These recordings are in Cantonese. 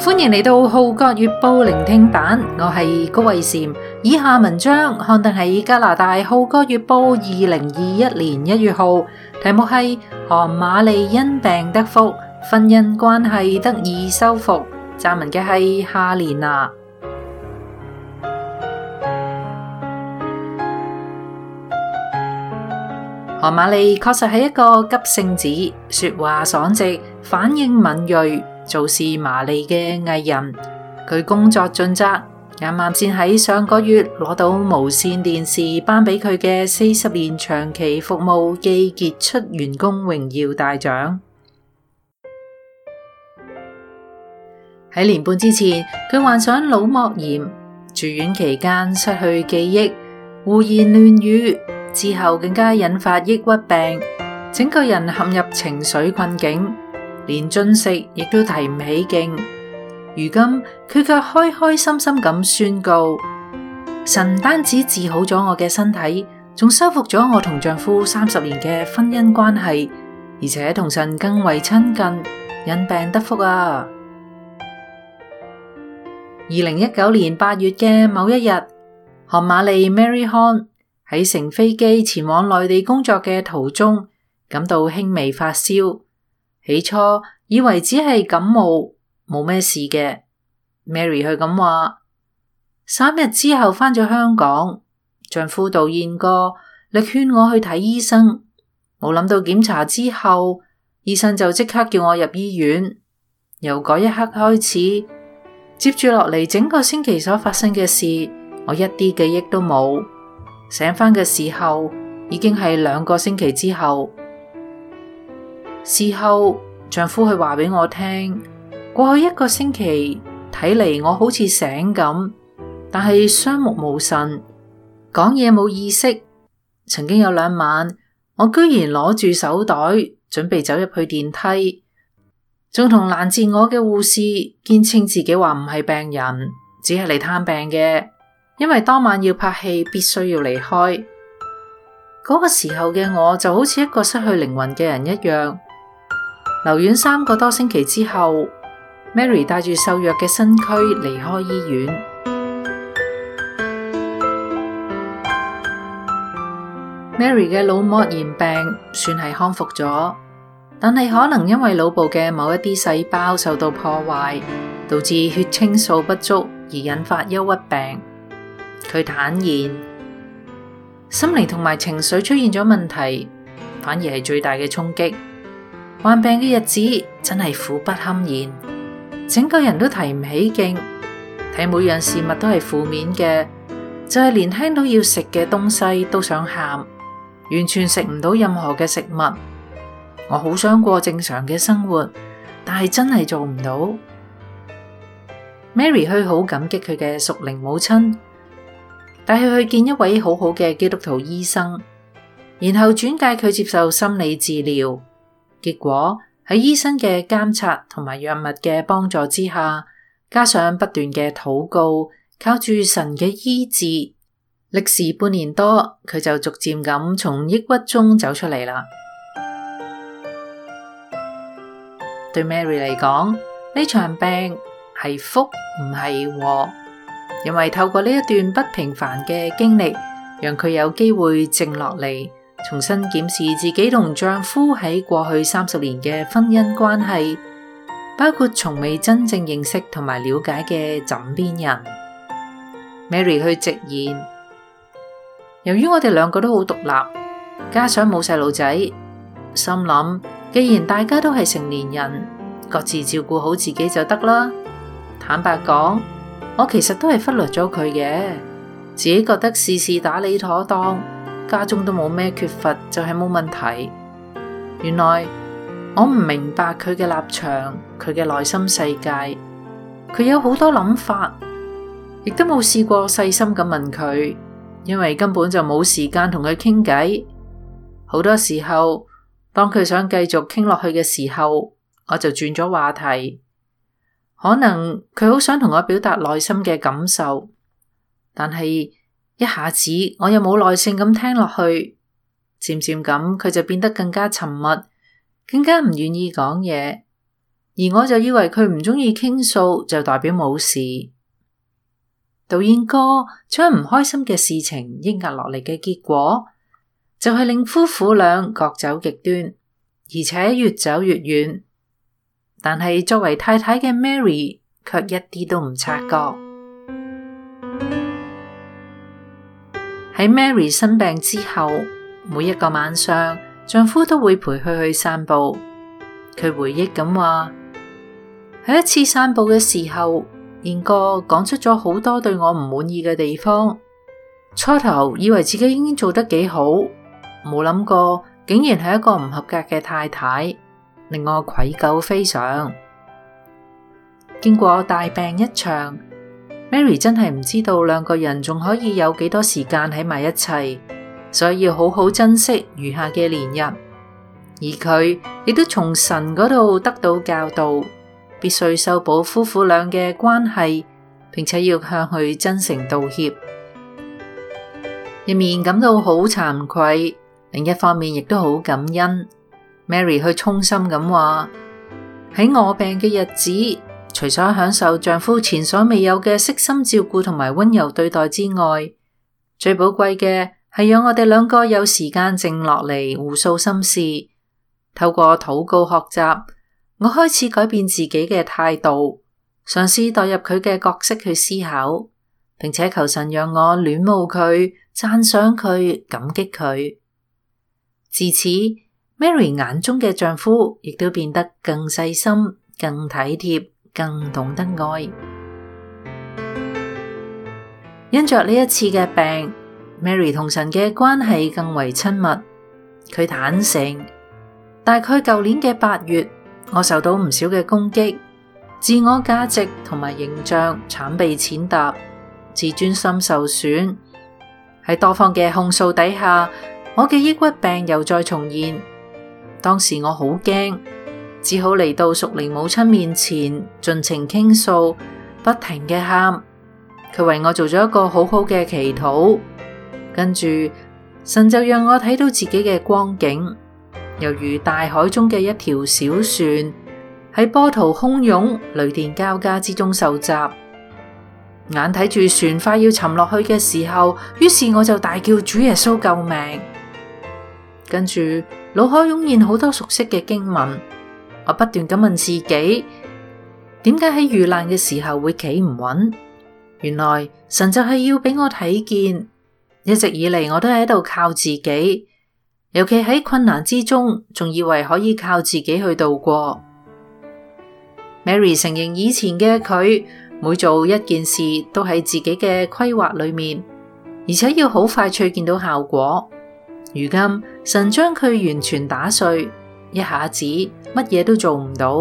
歡迎嚟到《號角月報聆聽版》，我係高慧嬋。以下文章刊登喺加拿大《號角月報》二零二一年一月號，題目係《韓馬利因病得福，婚姻關係得以修復》。撰文嘅係夏蓮娜。韓馬利確實係一個急性子，說話爽直，反應敏銳。做事麻利嘅藝人，佢工作盡責。啱啱先喺上個月攞到無綫電視頒俾佢嘅四十年長期服務暨傑出員工榮耀大獎。喺 年半之前，佢患上腦膜炎，住院期間失去記憶，胡言亂語，之後更加引發抑鬱病，整個人陷入情緒困境。連進食亦都提唔起勁，如今佢卻開開心心咁宣告，神唔單止治好咗我嘅身體，仲修復咗我同丈夫三十年嘅婚姻關係，而且同神更為親近，因病得福啊！二零一九年八月嘅某一日，韓馬利 Mary Hon 喺乘飛機前往內地工作嘅途中，感到輕微發燒。起初以為只係感冒，冇咩事嘅。Mary 佢咁話，三日之後返咗香港，丈夫杜燕哥力勸我去睇醫生，冇諗到檢查之後，醫生就即刻叫我入醫院。由嗰一刻開始，接住落嚟整個星期所發生嘅事，我一啲記憶都冇。醒返嘅時候，已經係兩個星期之後。事後，丈夫係話俾我聽，過去一個星期睇嚟，我好似醒咁，但係雙目無神，講嘢冇意識。曾經有兩晚，我居然攞住手袋，準備走入去電梯，仲同攔截我嘅護士堅稱自己話唔係病人，只係嚟探病嘅。因為當晚要拍戲，必須要離開。嗰、那個時候嘅我就好似一個失去靈魂嘅人一樣。留院三個多星期之後，Mary 帶住瘦弱嘅身軀離開醫院。Mary 嘅腦膜炎病算係康復咗，但係可能因為腦部嘅某一啲細胞受到破壞，導致血清素不足而引發憂鬱病。佢坦言，心靈同埋情緒出現咗問題，反而係最大嘅衝擊。患病嘅日子真係苦不堪言，整個人都提唔起勁，睇每樣事物都係負面嘅，就係連聽到要食嘅東西都想喊，完全食唔到任何嘅食物。我好想過正常嘅生活，但係真係做唔到。Mary 佢好感激佢嘅熟齡母親，帶佢去見一位好好嘅基督徒醫生，然後轉介佢接受心理治療。結果喺醫生嘅監察同埋藥物嘅幫助之下，加上不斷嘅禱告，靠住神嘅醫治，歷時半年多，佢就逐漸咁從抑鬱中走出嚟啦。 對 Mary 嚟講，呢場病係福唔係禍，因為透過呢一段不平凡嘅經歷，讓佢有機會靜落嚟。重新檢視自己同丈夫喺過去三十年嘅婚姻關係，包括從未真正認識同埋了解嘅枕邊人。Mary 去直言，由於我哋兩個都好獨立，加上冇細路仔，心諗既然大家都係成年人，各自照顧好自己就得啦。坦白講，我其實都係忽略咗佢嘅，自己覺得事事打理妥當。家中都冇咩缺乏，就係冇問題。原來我唔明白佢嘅立場，佢嘅內心世界，佢有好多諗法，亦都冇試過細心咁問佢，因為根本就冇時間同佢傾偈。好多時候，當佢想繼續傾落去嘅時候，我就轉咗話題。可能佢好想同我表達內心嘅感受，但係。一下子我又冇耐性咁聽落去，漸漸咁佢就變得更加沉默，更加唔願意講嘢，而我就以為佢唔中意傾訴就代表冇事。導演哥將唔開心嘅事情抑壓落嚟嘅結果，就係令夫婦倆各走極端，而且越走越遠。但係作為太太嘅 Mary 卻一啲都唔察覺。喺 Mary 生病之後，每一個晚上，丈夫都會陪佢去散步。佢回憶咁話：喺一次散步嘅時候，賢哥講出咗好多對我唔滿意嘅地方。初頭以為自己已經做得幾好，冇諗過竟然係一個唔合格嘅太太，令我愧疚非常。經過大病一場。Mary 真係唔知道兩個人仲可以有幾多時間喺埋一齊，所以要好好珍惜餘下嘅年日。而佢亦都從神嗰度得到教導，必須修補夫婦兩嘅關係，並且要向佢真誠道歉。一面感到好慚愧，另一方面亦都好感恩。Mary 佢衷心咁話：喺我病嘅日子。除咗享受丈夫前所未有嘅悉心照顧同埋溫柔對待之外，最寶貴嘅係讓我哋兩個有時間靜落嚟互訴心事。透過禱告學習，我開始改變自己嘅態度，嘗試代入佢嘅角色去思考，並且求神讓我戀慕佢、讚賞佢、感激佢。自此，Mary 眼中嘅丈夫亦都變得更細心、更體貼。更懂得愛。因着呢一次嘅病，Mary 同神嘅關係更為親密。佢坦承，大概舊年嘅八月，我受到唔少嘅攻擊，自我價值同埋形象慘被踐踏，自尊心受損。喺多方嘅控訴底下，我嘅抑鬱病又再重現。當時我好驚。只好嚟到淑玲母親面前，盡情傾訴，不停嘅喊。佢為我做咗一個好好嘅祈禱，跟住神就讓我睇到自己嘅光景，猶如大海中嘅一條小船，喺波濤洶湧、雷電交加之中受襲。眼睇住船快要沉落去嘅時候，於是我就大叫主耶穌救命。跟住腦海湧現好多熟悉嘅經文。我不斷咁問自己，點解喺遇難嘅時候會企唔穩？原來神就係要俾我睇見，一直以嚟，我都喺度靠自己，尤其喺困難之中，仲以為可以靠自己去度過。Mary 承認以前嘅佢，每做一件事都喺自己嘅規劃裏面，而且要好快脆見到效果。如今神將佢完全打碎，一下子。乜嘢都做唔到，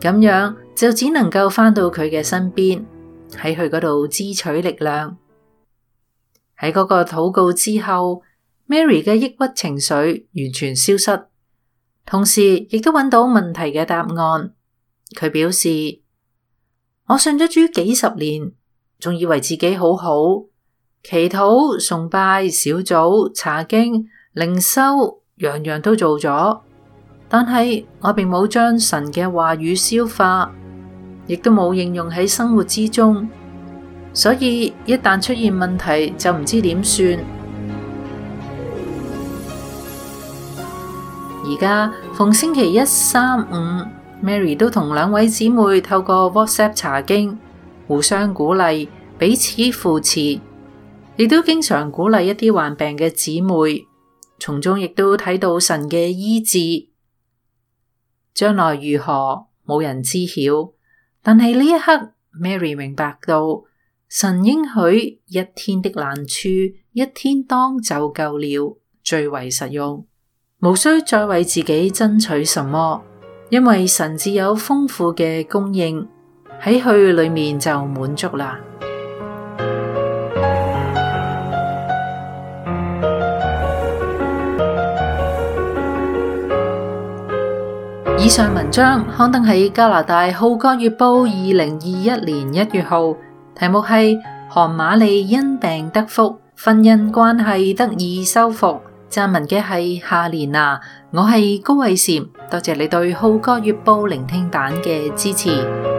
咁樣就只能夠返到佢嘅身邊，喺佢嗰度支取力量。喺嗰個禱告之後，Mary 嘅抑鬱情緒完全消失，同時亦都揾到問題嘅答案。佢表示，我信咗主幾十年，仲以為自己好好，祈禱、崇拜、小組、查經、靈修，樣樣都做咗。但係我並冇將神嘅話語消化，亦都冇應用喺生活之中，所以一旦出現問題就唔知點算。而家 逢星期一、三、五，Mary 都同兩位姊妹透過 WhatsApp 查經，互相鼓勵，彼此扶持。亦都經常鼓勵一啲患病嘅姊妹，從中亦都睇到神嘅醫治。將來如何，冇人知曉。但係呢一刻，Mary 明白到神應許一天的難處，一天當就夠了，最為實用，無需再為自己爭取什麼，因為神自有豐富嘅供應喺佢裏面就滿足啦。以上文章刊登喺加拿大《浩哥月報》二零二一年一月號，題目係韓馬利因病得福，婚姻關係得以修復。撰文嘅係夏蓮娜，我係高慧嬋，多謝你對《浩哥月報》聆聽版嘅支持。